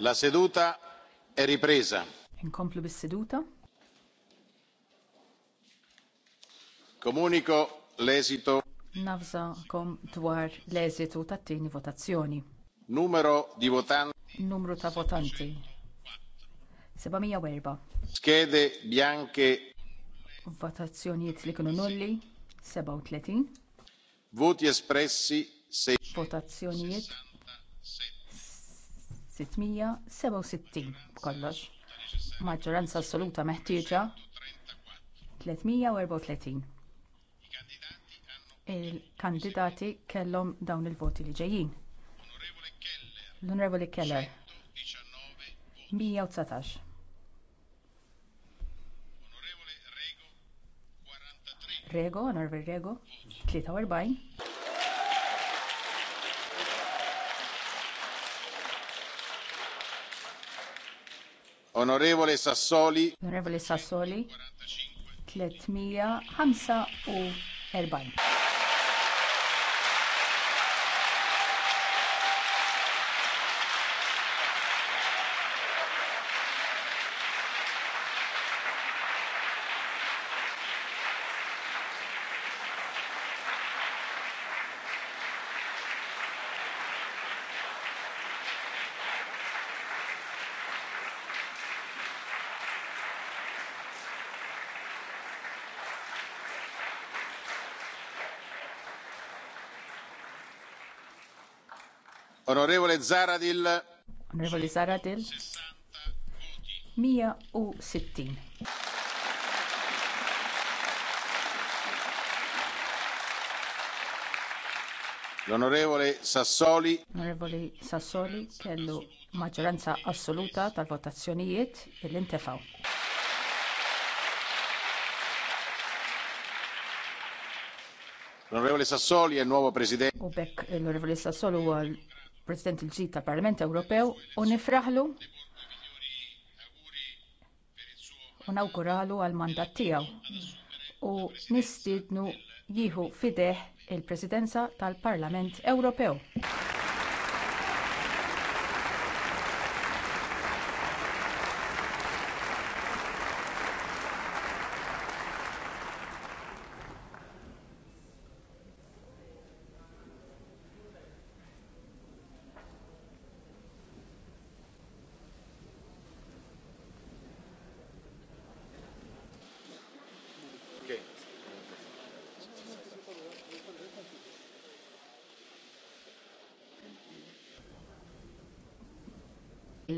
La seduta è ripresa. Inkomplu bis-seduta. Comunico l'esito. Nafżakom dwar l'esito eżitu tat-tieni votazzjoni. Numero di votanti. Numru ta' votanti. 704. Schede bianche. Votazzjonijiet li kienu nulli 37. Voti espressi 6. Votazzjonijiet 667 kollox. Maġġoranza assoluta meħtieġa 334. Il-kandidati kellhom dawn il-voti li ġejjin. L-Onorevoli Keller 119. Rego, Onorevoli Rego 43. Onorevole Sassoli. Onorevole Sassoli. 345. Onorevole Zaradil. Onorevole Zaradil. 160. L'onorevole Sassoli. onorevole Sassoli kellu maġġoranza assoluta tal-votazzjonijiet li ntefgħu. l Sassoli è il nuovo presidente. U bekk l-Onorevole Sassoli President il ġdid tal Parlament Ewropew u nifraħlu u nawguralu għal mandat tiegħu u nistiednu jieħu fideh il-Presidenza tal-Parlament Ewropew.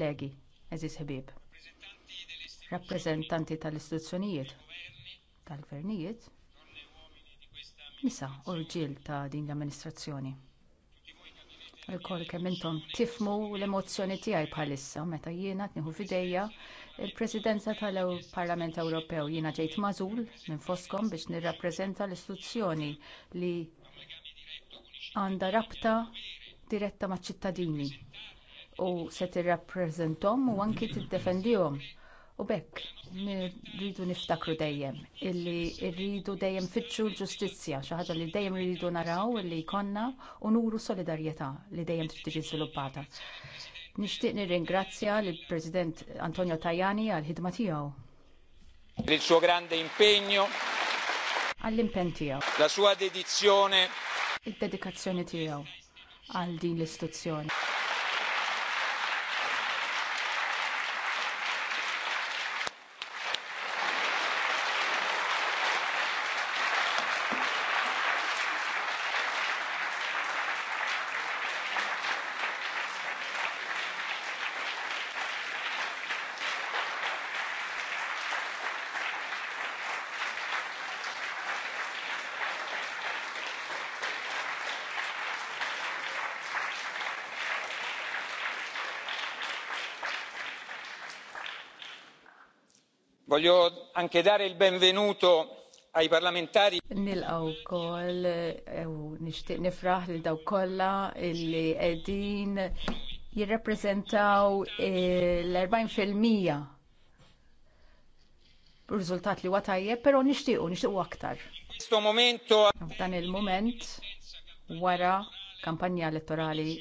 kollegi, eżis ħbieb, rappreżentanti tal-istituzzjonijiet, tal-gvernijiet, nisa u rġiel ta' din l-amministrazzjoni. Lkoll kemm intom tifmu l-emozzjoni tiegħi bħalissa meta jiena tnieħu f'idejja il-Presidenza tal-Parlament Ewropew jiena ġejt magħżul minn foskom biex nirrappreżenta l-istituzzjoni li għandha rabta diretta maċ-ċittadini u se tirrappreżentahom u anki tiddefendihom. U bekk rridu niftakru dejjem illi rridu dejjem fitxu l-ġustizzja, xi ħaġa li dejjem rridu naraw illi jkollna u nuru solidarjetà li dejjem trid tiġi żviluppata. Nixtieq nirringrazzja lill President Antonio Tajani għall ħidma tiegħu. Il suo grande impegno għall-impenn tiegħu. La sua dedizzjoni. Id-dedikazzjoni tiegħu għal din l-istituzzjoni. Voglio anche dare il benvenuto ai parlamentari. Nilqaw kol, eh, nixtieq nifraħ lil daw kolla illi edin jirrappreżentaw eh, l-40% fil-mija riżultat li huwa tajjeb, però nixtiequ, nixtiequ aktar. F'dan il-moment wara kampanja elettorali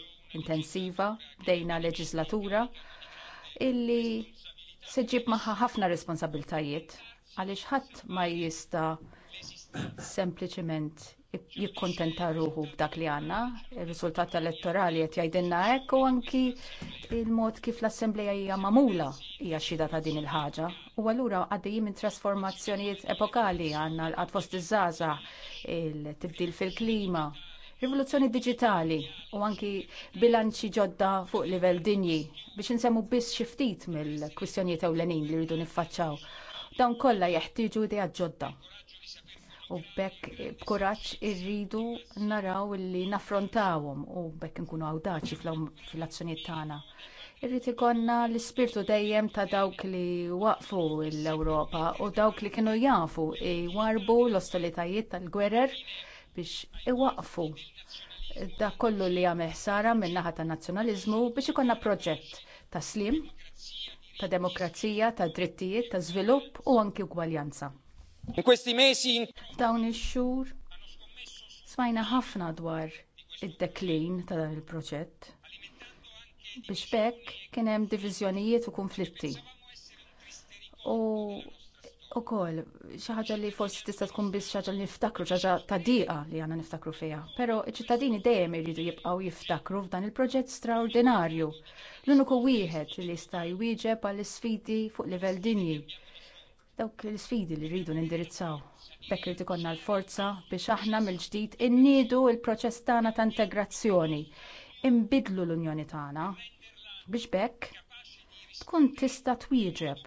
intensiva dejna leġislatura illi se ġib magħha ħafna responsabiltajiet għaliex ħadd ma jista sempliċement jikkontenta ruħu b'dak li għandna, il riżultat elettorali qed jgħidilna hekk u anki il-mod kif l-assembleja hija mamula hija xhieda ta' din il-ħaġa. U allura għaddejjin minn trasformazzjonijiet epokali għandna l-qatt fost iż-żgħażagħ, il-tibdil fil-klima, rivoluzzjoni digitali u anki bilanċi ġodda fuq livell dinji biex insemmu biss xi ftit mill-kwistjonijiet ewlenin li rridu niffaċċaw. Dawn kollha jeħtieġu idea ġodda. U bekk b'kuraġġ irridu naraw li naffrontawhom u bekk nkunu awdaċi fl-azzjonijiet tagħna. Irrid ikonna l-ispirtu dejjem ta' dawk li waqfu l-Ewropa u dawk li kienu jafu warbu l-ostilitajiet tal-gwerer biex iwaqfu dak kollu li għamel ħsara min-naħa tan nazzjonaliżmu biex ikollna proġett ta' slim, ta' demokrazija, ta' drittijiet, ta' żvilupp u anki ugwaljanza. In questi mesi dawn ix-xhur smajna ħafna dwar id-deklin ta' dan il-proġett biex bekk kien hemm diviżjonijiet u konflitti. U ukoll xi ħaġa li forsi tista' tkun biss xi ħaġa li niftakru xi ħaġa ta' dieqa li għandna niftakru fiha. Però iċ-ċittadini dejjem iridu jibqgħu jiftakru f'dan il-proġett straordinarju. L-uniku wieħed li jista' jwieġeb għall isfidi fuq livell dinji. Dawk l-isfidi li rridu nindirizzaw. Bekk irid ikollna l-forza biex aħna mill-ġdid inniedu l-proċess tagħna ta' integrazzjoni. Imbidlu l-Unjoni tagħna biex bekk tkun tista' twieġeb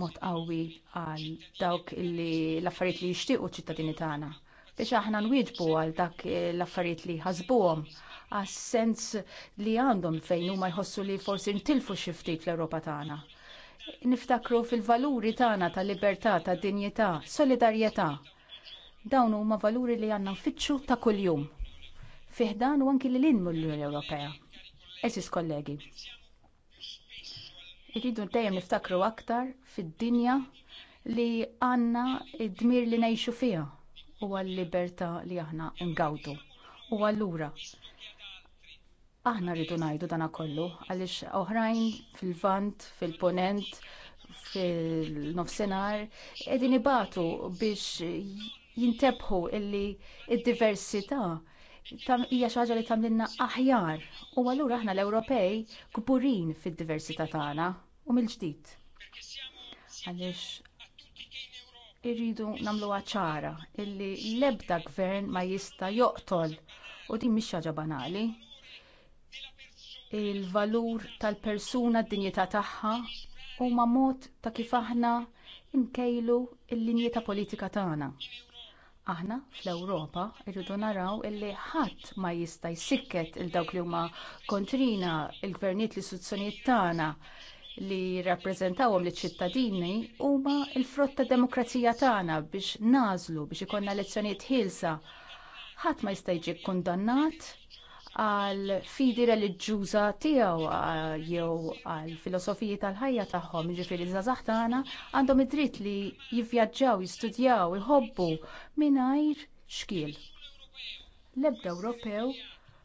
mod qawwi għal dawk l-affarijiet li jixtiequ ċittadini tagħna biex aħna nwieġbu għal dak l-affarijiet li ħasbuhom għas sens li għandhom fejn huma jħossu li forsi ntilfu xi ftit l-Ewropa tagħna. Niftakru fil-valuri tagħna ta' libertà, ta' dinjità, solidarjetà. Dawn huma valuri li għandna nfittxu ta' kuljum. Fiħdan u anki li l-inmu l-Ewropea. Eżis kollegi, Irridu dejjem niftakru aktar fid-dinja li għandna id-dmir li ngħixu fiha u għall-libertà li aħna ngawdu. U allura aħna rridu ngħidu dana kollu għaliex oħrajn fil-vant, fil-ponent, fil-nofsenar qegħdin ibatu biex jintebħu illi id-diversità hija xi ħaġa li tagħmilna aħjar u allura aħna l-Ewropej kburin fid-diversità tagħna u mill-ġdid. Għaliex irridu nagħmluha ċara illi l-ebda gvern ma jista' joqtol u din mhix ħaġa banali. Il-valur tal-persuna d-dinjità tagħha huma mod ta' kif aħna nkejlu l-linji ta' politika tagħna aħna fl-Ewropa rridu naraw illi ħadd ma jista' jsikket il dawk li huma kontrina il-gvernijiet l-istituzzjonijiet tagħna li jirrappreżentawhom iċ ċittadini huma l-frott tad demokrazija tagħna biex nażlu biex ikollna elezzjonijiet ħielsa. Ħadd ma jista' jiġi kkundannat għal fidi reliġjuża tiegħu jew għal filosofiji tal-ħajja tagħhom, jiġifieri żgħażagħ tagħna għandhom id-dritt li jivvjaġġaw, jistudjaw, iħobbu mingħajr xkiel. L-ebda Ewropew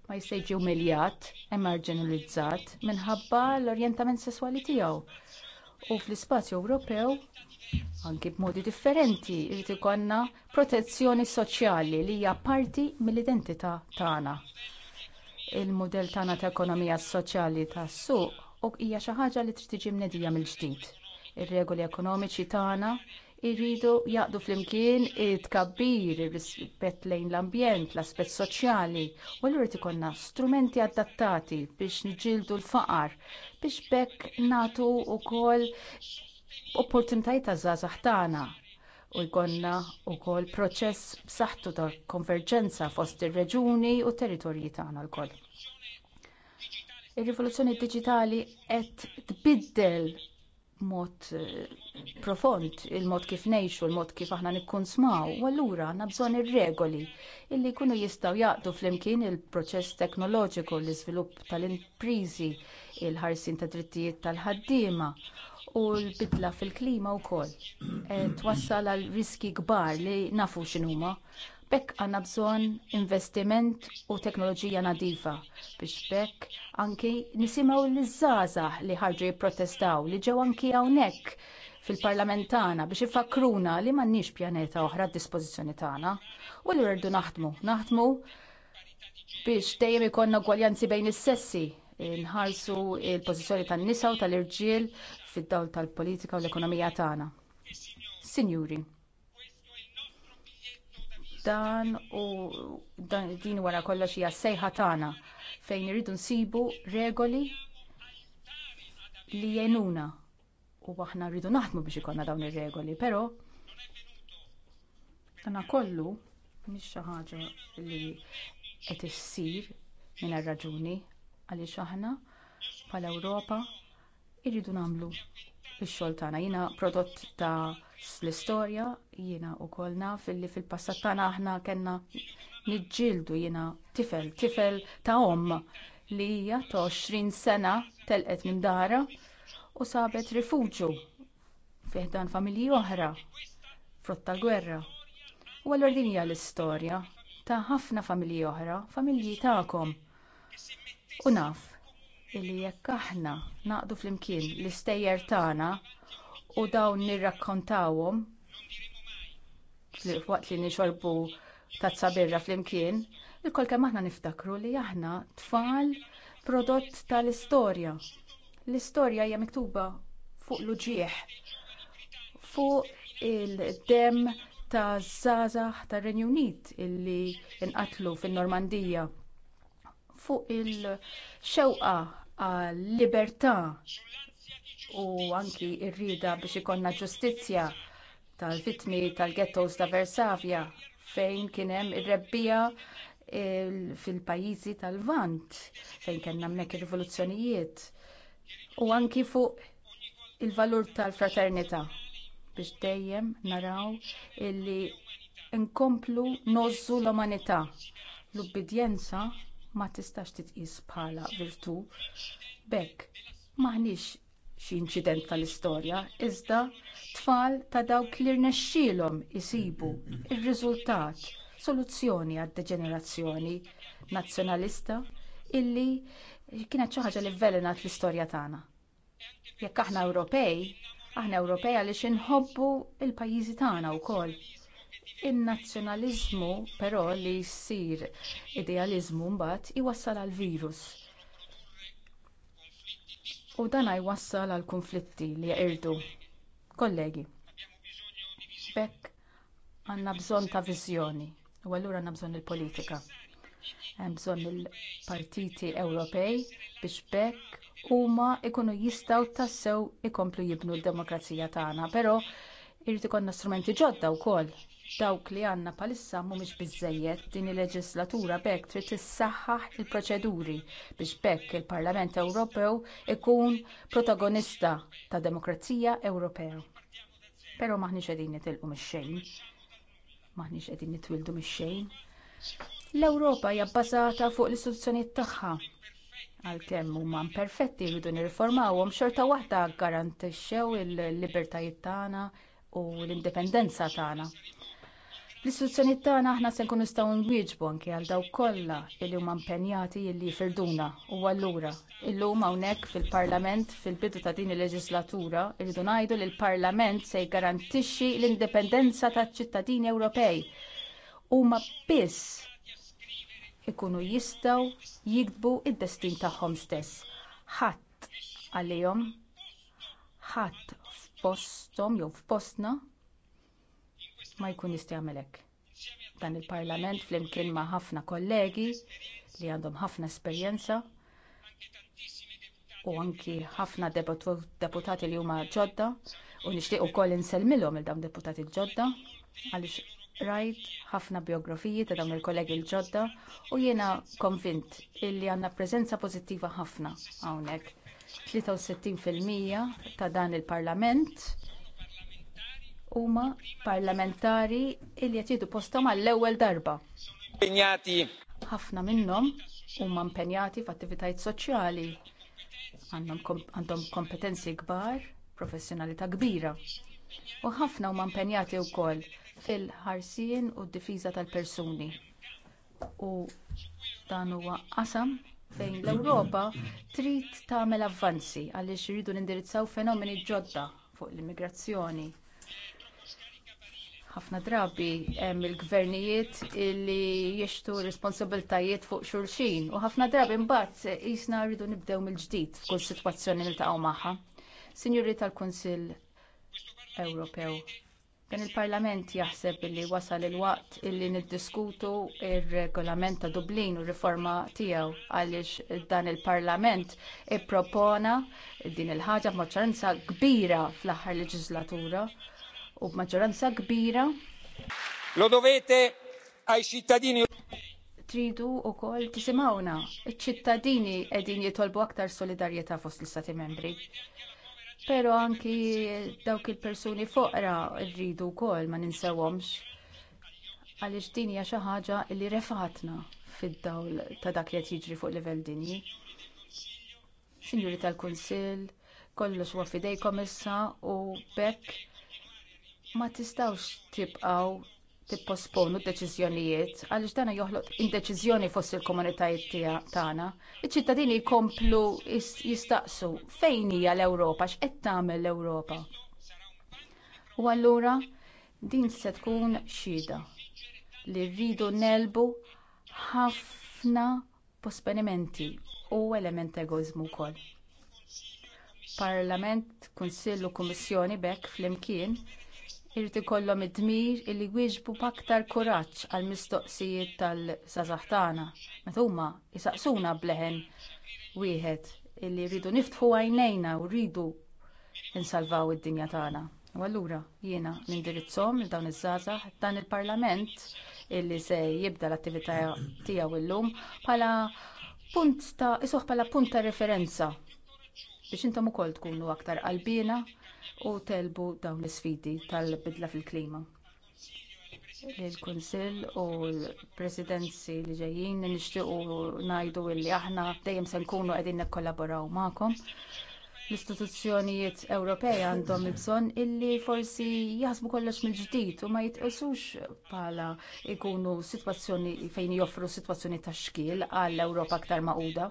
ma jista' jiġi umiljat, emarġinalizzat minħabba l-orjentament sesswali tiegħu. U fl-ispazju Ewropew anki b'modi differenti jrid ikollna protezzjoni soċjali li hija parti mill-identità tagħna il-mudell tagħna ta' ekonomija soċjali tas-suq u hija xi ħaġa li trid tiġi mnedija mill-ġdid. Ir-regoli ekonomiċi tagħna jridu jaqdu flimkien it-tkabbir, ir-rispett lejn l-ambjent, l-aspett soċjali, u allura ikollna strumenti adattati biex niġġieldu l-faqar, biex bekk nagħtu wkoll opportunitajiet ta' żgħażagħ tagħna u jkollna wkoll proċess b'saħħtu ta' konverġenza fost ir-reġuni u t territorji tagħna lkoll. Ir-rivoluzzjoni diġitali qed tbiddel mod eh, profond il-mod kif ngħixu, il-mod kif aħna nikkonsmaw, u allura għandna bżonn ir-regoli illi jkunu jistgħu jaqdu flimkien il-proċess teknoloġiku, l-iżvilupp tal-imprizi, il-ħarsin ta' drittijiet tal-ħaddiema u l-bidla fil-klima wkoll. Eh, twassal għal riski kbar li nafu x'inhuma B'hekk għandna bżonn investiment u teknoloġija nadifa biex b'hekk anki nisimgħu l-żgħażagħ li ħarġu jipprotestaw li ġew anki hawnhekk fil parlament tagħna biex ifakruna li m'għandniex pjaneta oħra d-dispożizzjoni tagħna u li rridu naħdmu. Naħdmu biex dejjem ikollna gwaljanzi bejn is-sessi nħarsu l pożizzjoni tan-nisa u tal-irġiel fid-dawl tal-politika u l-ekonomija tagħna. Sinjuri dan u dan din wara kollox hija sejħa tagħna fejn irridu nsibu regoli li jenuna u aħna rridu naħdmu biex ikollna dawn ir-regoli, però dan kollu mhix xi ħaġa li qed issir mingħajr raġuni għaliex aħna bħala Ewropa irridu nagħmlu ix-xogħol tagħna. Jiena prodott ta' l-istorja, jiena wkoll naf illi fil-passat tagħna aħna kellna niġġieldu jiena tifel, tifel ta' omm li hija ta' 20 sena telqet minn dara u sabet rifuġju fih dan familji oħra frott tal-gwerra. U allura din hija l-istorja ta' ħafna familji oħra, familji tagħkom. U naf illi jekk aħna naqdu flimkien l-istejjer tagħna u dawn nirrakkontawhom waqt li nixorbu tazza birra flimkien, il-kol kemm aħna niftakru li aħna tfal prodott tal-istorja. L-istorja hija miktuba fuq l-uġieħ, fuq il-dem ta' żgħażagħ tar-Renju Unit illi nqatlu fin-Normandija fuq il-xewqa għal libertà u anki r-rieda biex ikollna ġustizzja tal-vittmi tal-ghettos ta' Versavia fejn kien hemm ir-rebbija fil-pajjiżi tal-Vant fejn kellna hemmhekk ir-rivoluzzjonijiet u anki fuq il-valur tal-fraternità biex dejjem naraw illi nkomplu nożżu l-umanità l-ubbidjenza ma tistax titqis bħala virtù. B'hekk maħniex xi inċident tal-istorja, iżda tfal ta' dawk li rnexxielhom isibu ir-riżultat soluzzjoni għad-deġenerazzjoni nazzjonalista illi kienet xi ħaġa li vvelenat l-istorja tagħna. Jekk aħna Ewropej, aħna Ewropej għaliex inħobbu l pajjiżi tagħna wkoll In-nazzjonaliżmu però li jsir idealiżmu mbagħad iwassal għal virus. U dan jwassal għal konflitti li jqirdu. Kollegi, bekk għandna bżonn ta' viżjoni u allura għandna bżonn il-politika. Hemm bżonn il-partiti Ewropej biex bekk huma jkunu jistgħu tassew ikomplu jibnu d-demokrazija tagħna, però jrid ikollna strumenti ġodda wkoll dawk li għandna bħalissa mhumiex biżżejjed din il-leġislatura b'hekk trid tissaħħaħ il-proċeduri biex b'hekk il-parlament ewropew ikun protagonista tad demokrazija ewropea però m'aħniex qegħdin nitilqu mix-xejn m'aħniex qegħdin nitwildu mix-xejn l-ewropa hija bbażata fuq l-istituzzjonijiet tagħha għalkemm huma imperfetti jridu nirriformawhom xorta waħda ggarantixxew il-libertajiet tagħna u l-indipendenza tagħna L-istituzzjoni tagħna aħna se nkunu nistgħu nwieġbu anke għal dawk kollha li huma impenjati li jfirduna u allura illum hawnhekk fil-Parlament fil-bidu ta' din il-leġislatura irridu ngħidu li l-Parlament se jgarantixxi l-indipendenza taċ-ċittadini Ewropej. Huma biss ikunu jistgħu jiktbu d destin tagħhom stess. Ħadd għalihom, ħadd f'posthom jew f'postna ma jkun jista' hekk. Dan il-Parlament flimkien ma' ħafna kollegi li għandhom ħafna esperjenza u anki ħafna deputati li huma ġodda u nixtieq ukoll insellmilhom il dawn deputati ġodda għaliex rajt ħafna biografiji ta' dawn il-kollegi l-ġodda u jiena konvint illi għandna preżenza pożittiva ħafna hawnhekk. 63% ta' dan il-Parlament huma parlamentari li qed jieħdu postom għall-ewwel darba. Ħafna minnhom huma impenjati f'attivitajiet soċjali. Għandhom kompetenzi kbar, professjonalità kbira. U ħafna huma impenjati wkoll fil-ħarsien u d-difiża tal-persuni. U dan huwa qasam fejn l-Ewropa trid tagħmel avvanzi għaliex iridu nindirizzaw fenomeni ġodda fuq l-immigrazzjoni ħafna drabi hemm il-gvernijiet li jixtu responsabiltajiet fuq xulxin u ħafna drabi mbagħad jisna rridu nibdew mill-ġdid f'kull sitwazzjoni li taqgħu magħha. Sinjuri tal-Kunsill Ewropew, dan il-Parlament jaħseb li wasal il-waqt illi niddiskutu ir-regolament ta' Dublin u r riforma tiegħu għaliex dan il-Parlament ippropona din il-ħaġa b'maġġoranza kbira fl-aħħar leġislatura u b'maġġoranza kbira. Lo dovete ai cittadini tridu wkoll tisimawna. Iċ-ċittadini qegħdin jitolbu aktar solidarjetà fost l-istati membri. Però anki dawk il-persuni foqra rridu wkoll ma ninsewhomx għaliex din hija xi ħaġa li refatna fid-dawl ta' dak li qed jiġri fuq livell dinji. Sinjuri tal-Kunsill, kollox huwa fidejkom issa u bekk ma tistgħux tibqgħu tipposponu d-deċiżjonijiet għaliex dan joħloq indeċiżjoni fost il-komunitajiet tagħna. Iċ-ċittadini jkomplu jistaqsu fejn hija l-Ewropa, x'qed tagħmel l-Ewropa. U allura din se tkun xhieda li rridu nelbu ħafna posponimenti u element egoizmu wkoll. Parlament, Kunsill u Kummissjoni bekk flimkien Irid ikollhom id-dmir illi jwieġbu b'aktar kuraġġ għall mistoqsijiet tal-sażaħ tagħna meta huma jisaqsuna bleħen wieħed illi rridu niftħu għajnejna u rridu insalvaw id-dinja tagħna. U allura jiena nindirizzhom lil dawn iż-żgħażagħ dan il-Parlament illi se jibda l-attività tiegħu illum bħala punt ta' isuħ bħala punt ta' referenza biex intom ukoll tkunu aktar qalbina u telbu dawn l-isfidi tal-bidla fil-klima. Il-Kunsill u l-Presidenzi li ġejjin nixtiequ ngħidu li aħna dejjem se nkunu qegħdin nikkollaboraw magħkom l-istituzzjonijiet Ewropej għandhom bżonn illi forsi jaħsbu kollox mill-ġdid u ma jitqisux bħala jkunu sitwazzjoni fejn joffru sitwazzjoni ta' xkil għall ewropa aktar maquda.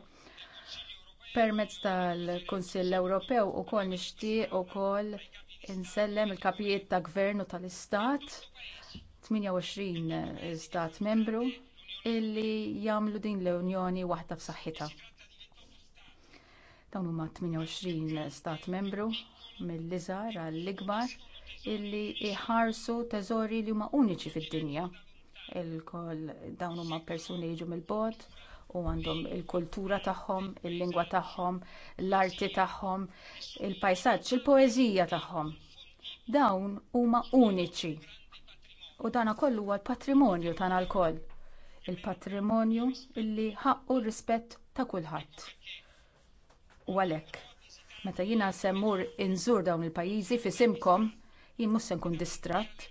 Permezz tal-Kunsill Ewropew ukoll nixtieq ukoll insellem il-kapijiet ta' gvernu tal-istat 28 eh, stat membru illi jagħmlu din l-Unjoni waħda f'saħħitha. Dawn huma 28 eh, stat membru mill-iżgħar għall-ikbar illi iħarsu teżori li huma uniċi fid-dinja. il dawn huma persuni jiġu mill-bot u għandhom il-kultura tagħhom, il-lingwa tagħhom, l-arti tagħhom, il-pajsaġġ, il-poeżija tagħhom. Dawn huma uniċi. U dana kollu huwa l-patrimonju tagħna lkoll. Il-patrimonju illi ħaqqu r-rispett ta' kulħadd. U għalhekk, meta jiena semmur inżur dawn il-pajjiżi fisimkom, jien mhux se nkun distratt,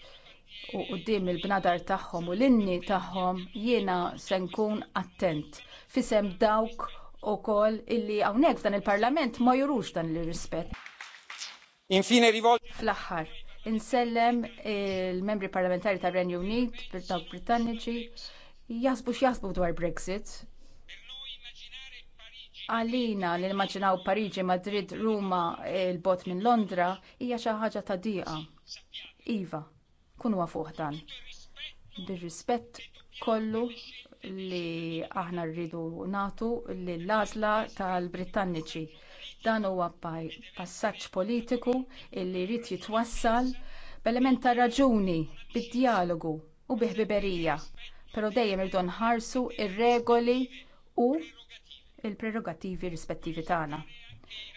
u quddiem il-bnadar tagħhom u l-inni tagħhom jiena se nkun attent fisem dawk ukoll illi hawnhekk f'dan il-Parlament ma jurux dan il rispet Infine rivol. Fl-aħħar, insellem il-membri parlamentari tar renju Unit, dawk Britanniċi, jasbu x'jasbu dwar Brexit. Għalina li immaginaw Pariġi, Madrid, Ruma, il-bot minn Londra, hija xi ħaġa ta' diqa. Iva, kunu fuq dan. Bir-rispett kollu li aħna rridu nagħtu lill-għażla tal-Brittaniċi. Dan huwa passaġġ politiku li jrid jitwassal b'element ta' raġuni, bid-dialogu u bi ħbiberija, però dejjem irridu nħarsu r regoli u l prerogattivi rispettivi tagħna.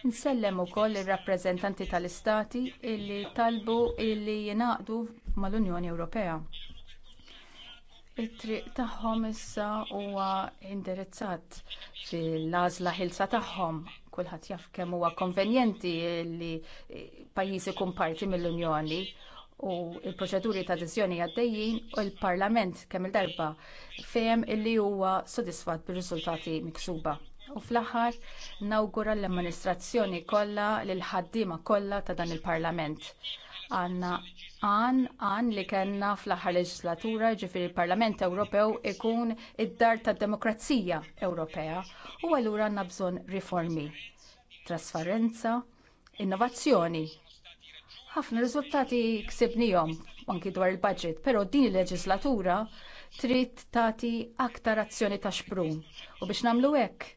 Nsellem ukoll ir-rappreżentanti tal-istati illi talbu illi jingħaqdu mal-Unjoni Ewropea it-triq tagħhom issa huwa indirizzat fil-għażla ħilsa tagħhom. Kulħadd jaf kemm huwa konvenjenti li pajjiż ikun parti mill-Unjoni u l proċeduri ta' adeżjoni għaddejjin u l-Parlament kemm il-darba fehem illi huwa sodisfatt bir-riżultati miksuba. U fl-aħħar nawgura l-amministrazzjoni kollha lil ħaddiema kollha ta' dan il-Parlament għandna għan għan li kellna fl-aħħar leġislatura ġifieri il-Parlament Ewropew ikun id-dar tad demokrazija Ewropea u allura għandna bżonn riformi, trasparenza, innovazzjoni. Ħafna riżultati ksibnihom anki dwar il-budget, però din il-leġislatura trid tagħti aktar azzjoni ta' xprum u biex nagħmlu hekk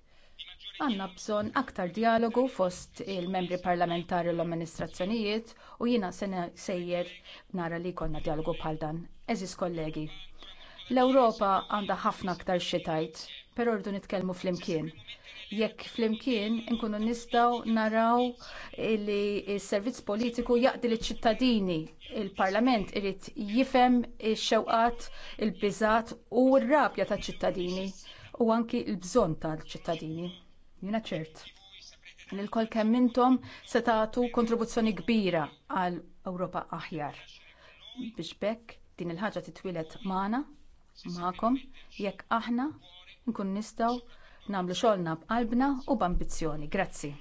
għandna bżonn aktar dijalogu fost il-membri parlamentari u l-amministrazzjonijiet u jiena sejjer nara li jkollna dijalogu bħal dan. Eżis kollegi, l-Ewropa għandha ħafna aktar xi tajt, però rridu nitkellmu flimkien. Jekk flimkien inkunu nistgħu naraw li s-servizz politiku jaqdi liċ ċittadini il-Parlament irid jifhem x xewqat il-biżat u r-rabja taċ ċittadini u anki l-bżonn tal-ċittadini. Jiena ċert li l-kol kemm intom se tagħtu kontribuzzjoni kbira għal Ewropa aħjar. Biex bekk din il-ħaġa titwilet magħna, maħkom, jekk aħna nkun nistgħu nagħmlu xogħolna b'qalbna u b'ambizzjoni. Grazzi.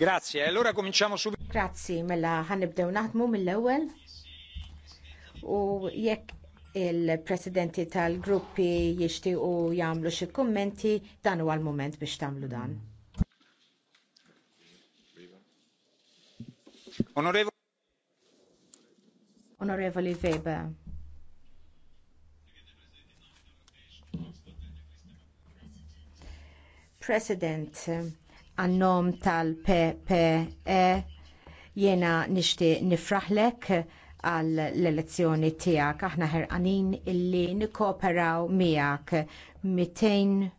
Grazie, allora cominciamo subito. Grazzi, mela ħanibdew naħdmu mill-ewwel. U jekk il-presidenti tal-gruppi jixtiequ jagħmlu xi kummenti, dan huwa l-mument biex tagħmlu dan. Onorevoli Onorevoli Weber. President, għannom tal-PPE jena nishti nifraħlek għal l-elezzjoni tijak. Aħna ħerqanin illi nikoperaw miegħek 200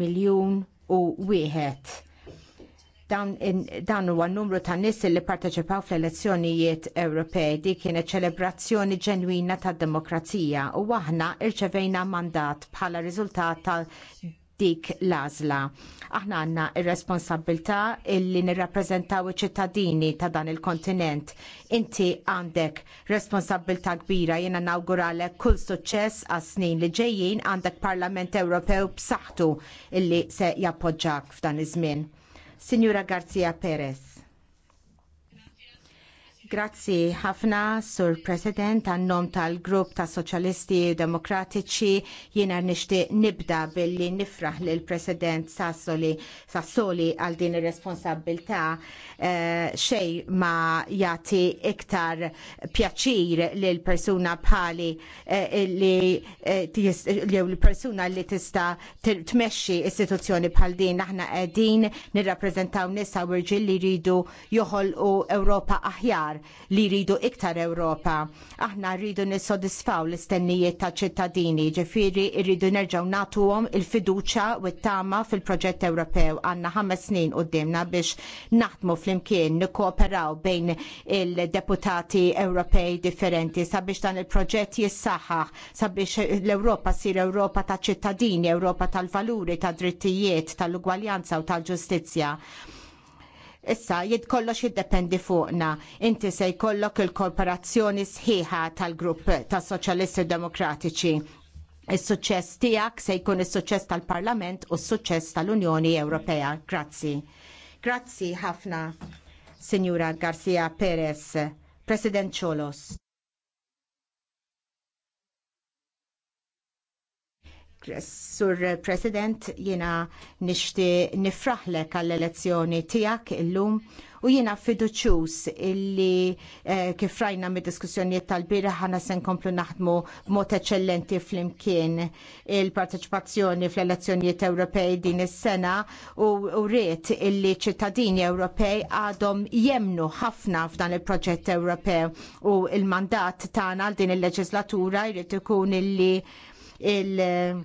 miljon u wieħed dan huwa n-numru ta' nies li parteċipaw fl-elezzjonijiet Ewropej di kienet ċelebrazzjoni ġenwina tad demokrazija u aħna irċevejna mandat bħala riżultat tal dik l Aħna għanna ir-responsabilta illi nirrappreżentaw iċ-ċittadini ta' dan il-kontinent. Inti għandek responsabilta kbira jena nawguralek kull suċċess għas snin li ġejjin għandek Parlament Ewropew b'saħħtu illi se jappoġġak f'dan iż-żmien. Signora Garcia Perez. Grazzi ħafna, Sur President, għannom tal-Grupp ta' Soċjalisti Demokratiċi, jiena nixtieq nibda billi nifraħ lil President Sassoli Sassoli għal din ir-responsabilità eh, xej ma jagħti iktar pjaċir lil persuna bħali eh, li jew eh, persuna li tista' tmexxi istituzzjoni bħal din aħna qegħdin nirrappreżentaw nisa u irġiel li jridu joħolqu Ewropa aħjar li jridu iktar Ewropa. Aħna rridu nissodisfaw l-istennijiet ta' ċittadini, ġifiri rridu nerġaw natuhom il-fiduċa u t-tama fil-proġett Ewropew. Għanna ħames snin qudiemna biex naħdmu flimkien nikkooperaw bejn il-deputati Ewropej differenti sabiex dan il-proġett jissaħħaħ sabiex l-Ewropa sir Ewropa ta' ċittadini, Ewropa tal-valuri, ta' drittijiet, tal-ugwaljanza u tal-ġustizzja. Issa jid kollox jiddependi fuqna. Inti se jkollok il-korporazzjoni sħiħa tal-grupp tas Soċjalisti Demokratiċi. Is-suċċess tiegħek se jkun is-suċċess tal-Parlament u s-suċċess tal-Unjoni Ewropea. Grazzi. Grazzi ħafna, Signora Garcia Perez, President Cholos. Sur President, jiena nixtieq nifraħlek għall-elezzjoni tiegħek illum u jiena fiduċus illi eh, kif rajna mid diskussjonijiet tal-bira ħana se nkomplu naħdmu b'mod eċċellenti flimkien il-parteċipazzjoni fl-elezzjonijiet Ewropej din is-sena u, rrit illi ċittadini Ewropej għadhom jemnu ħafna f'dan il-proġett Ewropew u il-mandat tagħna għal din il-leġislatura jrid ikun illi il-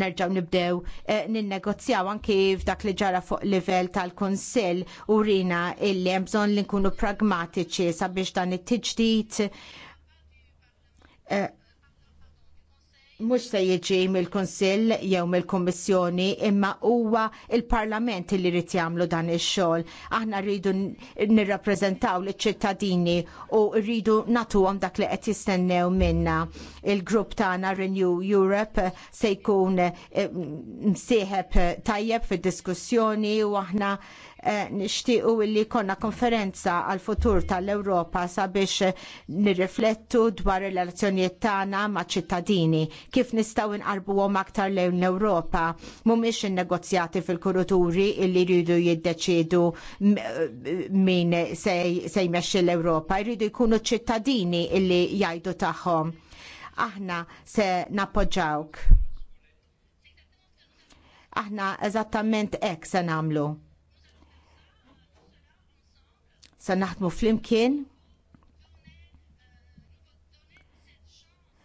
nerġaw nibdew eh, ninnegozjaw anki f'dak li ġara fuq livell tal-Kunsill u rina illi hemm bżonn li nkunu pragmatiċi sabiex dan it-tiġdid eh, mhux se jiġi mill-Kunsill jew mill-Kummissjoni imma huwa il-Parlament li rrid jagħmlu dan ix-xogħol. Aħna rridu nirrappreżentaw liċ-ċittadini u rridu nagħtuhom dak li qed jistennew minna. Il-grupp tagħna Renew Europe se jkun eh, msieħeb tajjeb fid-diskussjoni u aħna Eh, nixtiequ illi konna konferenza għal futur tal-Ewropa sabiex nirriflettu dwar relazzjonijiet tagħna maċ ċittadini kif nistgħu nqarbuhom aktar lejn l-Ewropa mhumiex innegozjati fil-kuruturi illi jridu jiddeċiedu min se jmexxi l-Ewropa, jridu jkunu ċittadini illi jgħidu tagħhom. Aħna se nappoġġawk aħna eżattament hekk se nagħmlu sa naħdmu flimkien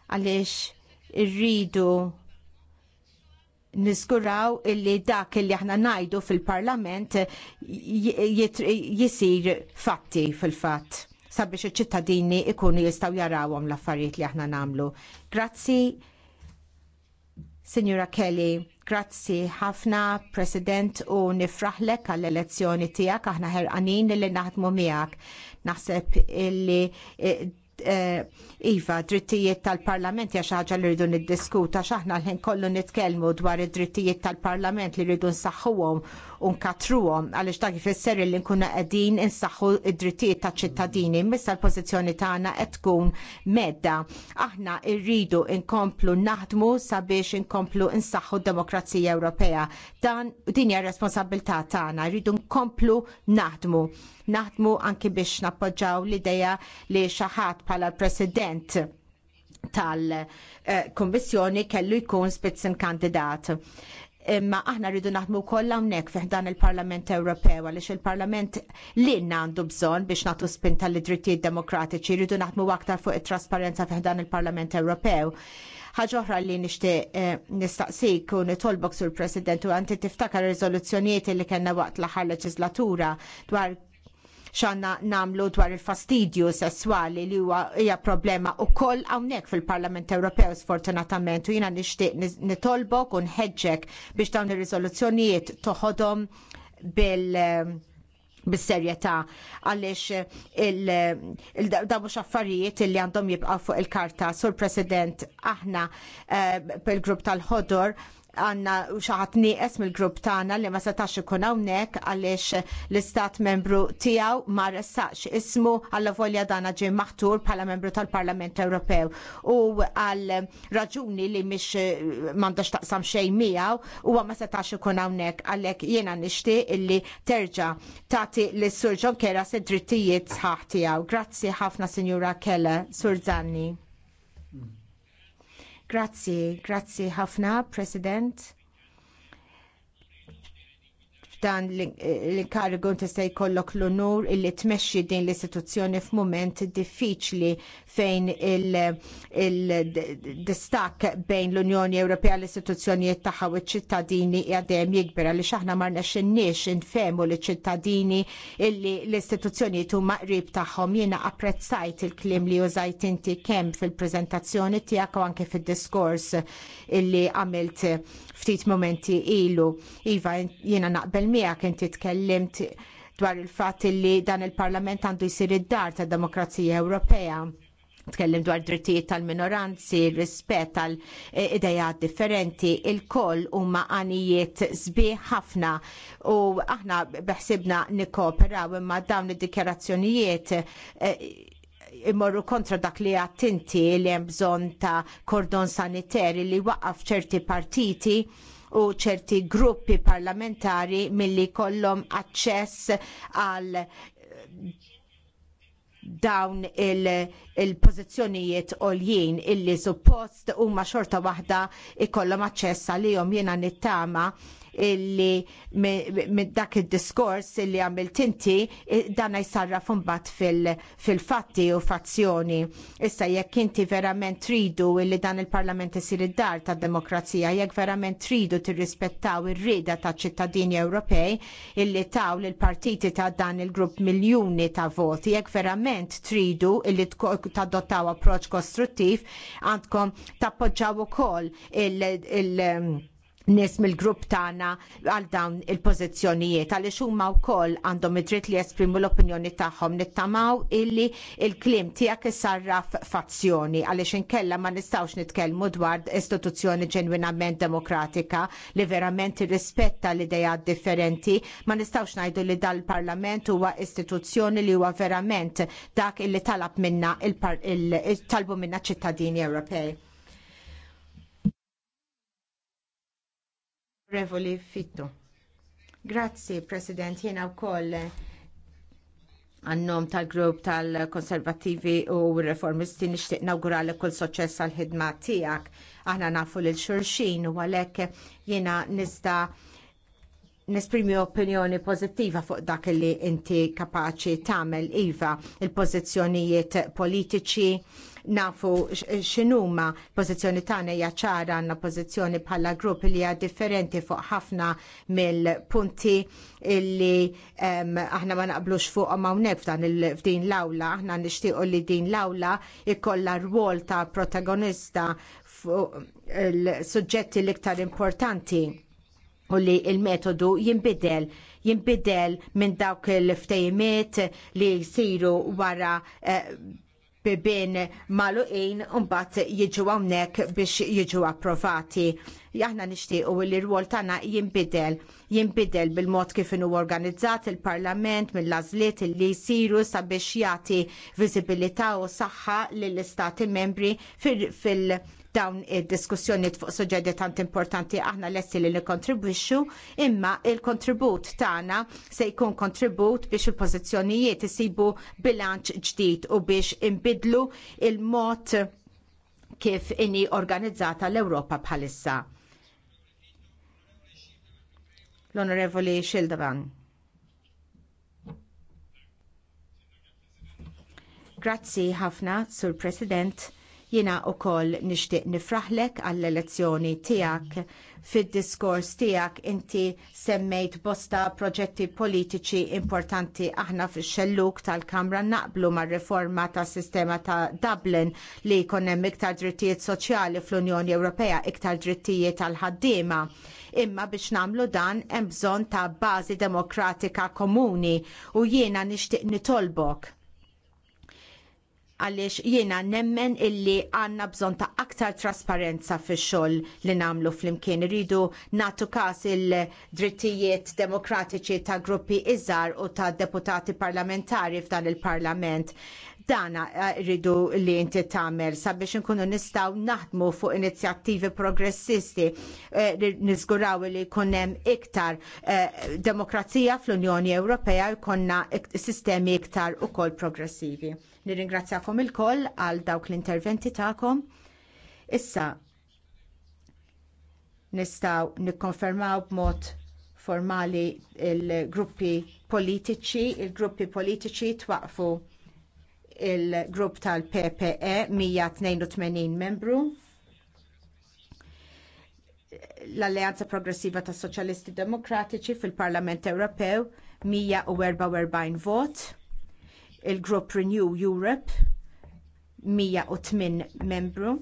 għaliex irridu niskuraw illi dak illi aħna najdu fil-parlament jisir fatti fil-fatt sabiex iċ-ċittadini ikunu jistgħu jarawhom l-affarijiet li aħna nagħmlu. Grazzi, Signora Kelly. Grazzi ħafna, President, u nifraħlek għall-elezzjoni tiegħek aħna ħerqanin li naħdmu miegħek. Naħseb illi eh, eh, Iva, drittijiet tal-parlament ja xaġa li rridu niddiskuta xaħna l-ħin kollu nitkelmu dwar id-drittijiet tal-parlament li rridu nsaħħuhom u nkatruhom għaliex dak ifisser li nkunu qegħdin insaħħu id-drittijiet taċ-ċittadini missa l-pożizzjoni tagħna qed tkun medda. Aħna rridu nkomplu naħdmu sabiex inkomplu insaħħu d-demokrazija Ewropea. Dan din hija responsabilità tagħna, rridu nkomplu naħdmu. Naħdmu anki biex nappoġġaw l-idea li xi ħadd bħala president tal-Kommissjoni kellu jkun spitzen kandidat imma aħna rridu naħdmu wkoll hawnhekk fih dan il-Parlament Ewropew għaliex il-Parlament lilna għandu bżonn biex nagħtu spinta li drittijiet demokratiċi rridu naħdmu aktar fuq it-trasparenza fih dan il-Parlament Ewropew. Ħaġa oħra li nixtieq eh, nistaqsik u nitolbok sur President u għanti tiftakar riżoluzzjonijiet li kellna waqt l-aħħar leġislatura dwar xanna namlu dwar il-fastidju sessuali li huwa hija problema u koll hawnhekk fil-Parlament Ewropew sfortunatament u jiena nixtieq nitolbok u nħeġġek biex dawn ir-riżoluzzjonijiet toħodhom bil- ehm, bis-serjetà għaliex da mhux affarijiet li għandhom jibqgħu fuq il-karta sur President aħna eh, bil-grupp tal-ħodor għanna xaħat nieqes mill-grupp tagħna li ma setax ikun hawnhekk għaliex l-istat membru tiegħu ma ressaqx ismu għall volja dana ġie maħtur bħala membru tal-Parlament Ewropew u għal raġuni li mhix eh, m'għandax taqsam xejn miegħu huwa ma setax ikun hawnhekk għalhekk jiena nixtieq illi terġa' tagħti lis sur John Keras id-drittijiet sħaħ tiegħu. Grazzi ħafna Sinjura Keller, Sur Zanni. Mm. Grazzi, grazzi ħafna, President f'dan l-inkarigu tista' jkollok l-onur illi tmexxi din l-istituzzjoni f'mument diffiċli fejn il-distak bejn l-Unjoni Ewropea l-istituzzjonijiet tagħha u ċ-ċittadini għadhem jikbera li aħna ma rnexxinniex infemu l ċittadini illi l-istituzzjonijiet huma qrib tagħhom jiena apprezzajt il-kliem li użajt inti kemm fil-preżentazzjoni tiegħek u anke fid-diskors illi għamilt ftit momenti ilu. Iva, jiena naqbel Mija miegħek inti tkellimt dwar il-fatt li dan il-Parlament għandu jsir id-dar tad demokrazija Ewropea tkellim dwar drittijiet tal-minoranzi, rispett tal-idejat eh, differenti, il-koll huma għanijiet sbieħ ħafna u aħna beħsibna nikkooperaw imma dawn id-dikjarazzjonijiet eh, imorru kontra dak li għattinti li hemm bżonn ta' kordon sanitari li waqqaf ċerti partiti u ċerti gruppi parlamentari milli jkollhom aċċess għal eh, dawn il-pozizjonijiet il oljien illi suppost huma xorta waħda jkollhom aċċess għalihom jiena nittama illi minn dak id-diskors illi għamilt inti dan jisarra fumbat fil-fatti u fazzjoni. Issa jekk inti verament tridu illi dan il-Parlament isir id-dar tad demokrazija, jekk verament tridu tirrispettaw ir rida ta' ċittadini Ewropej illi taw l partiti ta' dan il-grupp miljuni ta' voti, jekk verament tridu illi tadottaw approċċ kostruttiv għandkom tappoġġaw ukoll il-, il nies mill-grupp tagħna għal dawn il-pożizzjonijiet għaliex huma wkoll għandhom id-dritt li jesprimu l-opinjoni tagħhom nittamaw illi il-klim tiegħek isarraf fazzjoni għaliex inkella ma nistgħux nitkellmu dwar istituzzjoni ġenwinament demokratika li verament irrispetta l-idea differenti ma nistgħux ngħidu li dal-Parlament huwa istituzzjoni li huwa verament dak illi talab minna il-talbu minna ċittadini Ewropej. Revoli Fittu. Grazzi, President, jena u koll eh, għannom tal-grupp tal-konservativi u reformisti nishtiq nawgurali kull soċess għal-ħidma tijak. Aħna nafu l-xurxin u għalek jena nista' nesprimi opinjoni pozittiva fuq dak li inti kapaċi tagħmel iva il-pożizzjonijiet politiċi nafu x'inhuma pożizzjoni tagħna hija ċara għandna pożizzjoni bħala grupp li hija differenti fuq ħafna mill-punti illi um, aħna ma naqblux fuq hawnhekk f'dan f'din l-awla, aħna nixtiequ li din l-awla ikollha rwol ta' protagonista fuq il-suġġetti l-iktar importanti u li il-metodu jinbidel jinbidel minn dawk il-ftejmiet li jsiru wara eh, bibin maluqin unbat jiġu għamnek biex jiġu approvati. Jahna nishtiqu li r wol tana jimbidel, jimbidel bil-mod kif inu organizzat il-parlament mill lażliet li jisiru sabiex jati viżibilità u saħħa lill-istati membri fil-proċess dawn id-diskussjoni fuq suġġetti tant importanti aħna lessi li nikontribwixxu, imma il-kontribut tagħna se jkun kontribut biex il-pożizzjonijiet isibu bilanċ ġdid u biex imbidlu il-mod kif inhi organizzata l-Ewropa bħalissa. L-Onorevoli Xildavan. Grazzi ħafna, Sur President. Jiena wkoll nixtieq nifraħlek għall-elezzjoni tiegħek. Fid-diskors tiegħek inti semmejt bosta proġetti politiċi importanti aħna fix-xelluk tal-Kamra naqblu mar-riforma tas sistema ta' Dublin li jkun hemm iktar drittijiet soċjali fl-Unjoni Ewropea, iktar drittijiet tal-ħaddiema imma biex namlu dan hemm bżonn ta' bażi demokratika komuni u jiena nixtieq nitolbok għaliex jiena nemmen illi għanna bżon ta' aktar trasparenza fi xogħol li namlu fl-imkien rridu natu kas il-drittijiet demokratiċi ta' gruppi iżar u ta' deputati parlamentari f'dan il-parlament dana eh, rridu li inti tagħmel sabiex inkunu nistgħu naħdmu fuq inizjattivi progressisti eh, nizguraw li jkun hemm iktar eh, demokrazija fl-Unjoni Ewropea jkollna sistemi iktar ukoll progressivi. Nirringrazzjakom il-koll għal dawk l-interventi tagħkom. Issa nistaw nikkonfermaw b'mod formali il-gruppi politiċi, il-gruppi politiċi twaqfu il-grupp tal-PPE 182 membru. L-Alleanza Progressiva tas Soċjalisti Demokratiċi fil-Parlament Ewropew 144 vot. Il-grupp Renew Europe 108 membru.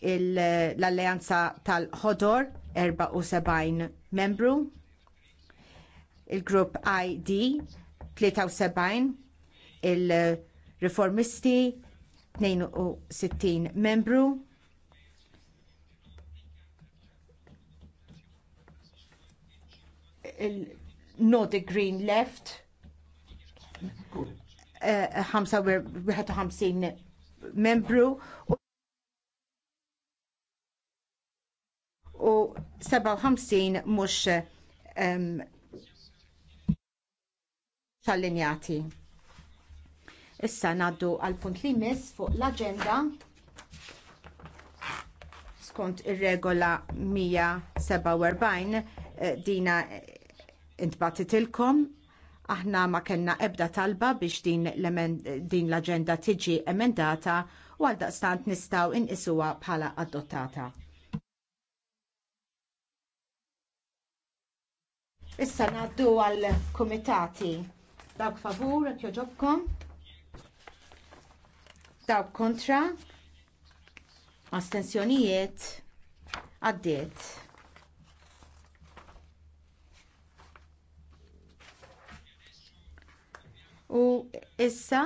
L-Alleanza tal-Ħodor 74 membru. Il-grupp ID 73 il- Reformisti 62 membru. Nordic Green Left 55 eh, membru u 57 mhux um, tal-linjati. Issa ngħaddu għal punt li jmiss fuq l-aġenda skont ir-regola 147 eh, dina eh, intbatitilkom aħna ma kellna ebda talba biex din, l aġenda tiġi emendata u għaldaqstant nistgħu inqisuha bħala adottata. Issa ngħaddu għall kumitati dawk favur jogħġobkom. Dawk kontra astensjonijiet għaddiet. U issa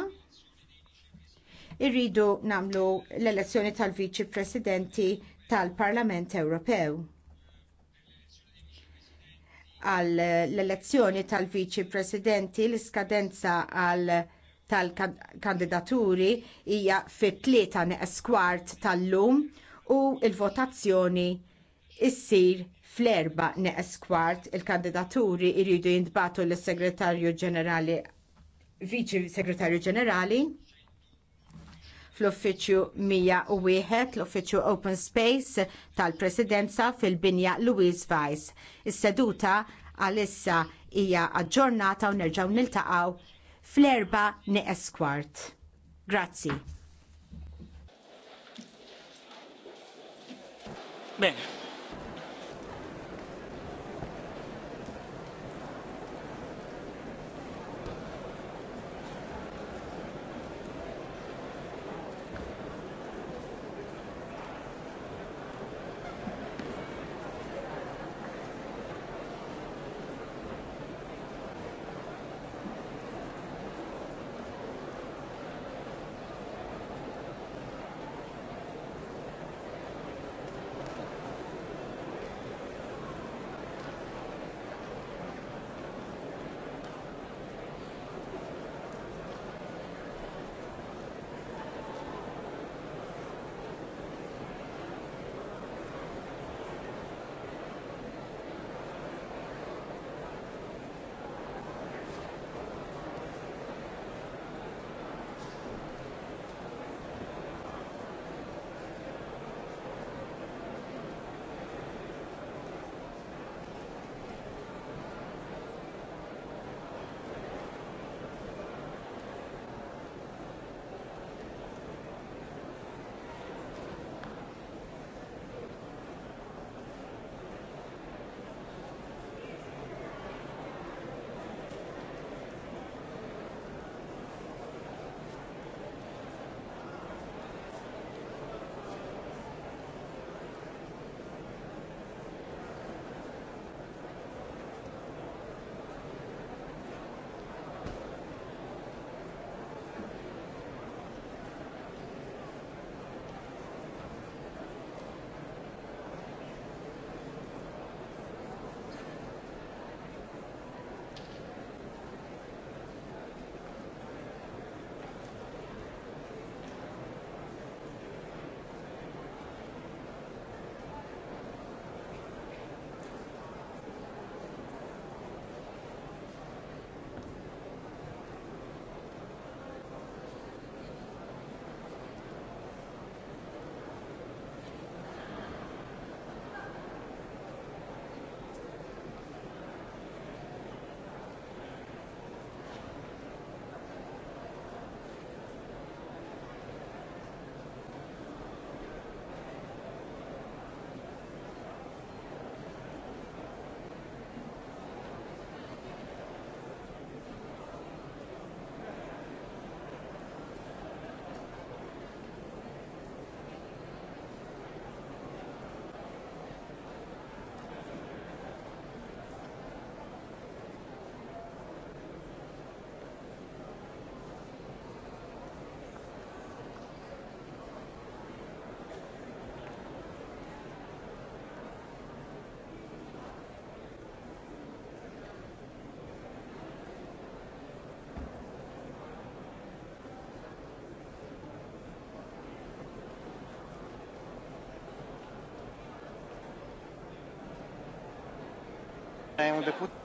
irridu nagħmlu l-elezzjoni tal-Viċi Presidenti tal-Parlament Ewropew għall l-elezzjoni tal-Viċi Presidenti l-iskadenza għal tal-kandidaturi hija fit-tlieta neqskwart tal-lum u l votazzjoni ssir fl-erba neqskwart il-kandidaturi jridu jintbagħtu lis segretarju ġenerali Viċi Segretarju Ġenerali fl-uffiċju 101 l-uffiċju Open Space tal-Presidenza fil-binja Louis Weiss. Is-seduta għalissa hija aġġornata u nerġgħu niltaqgħu fl-erba neqes kwart. Grazzi. Bene. deputat.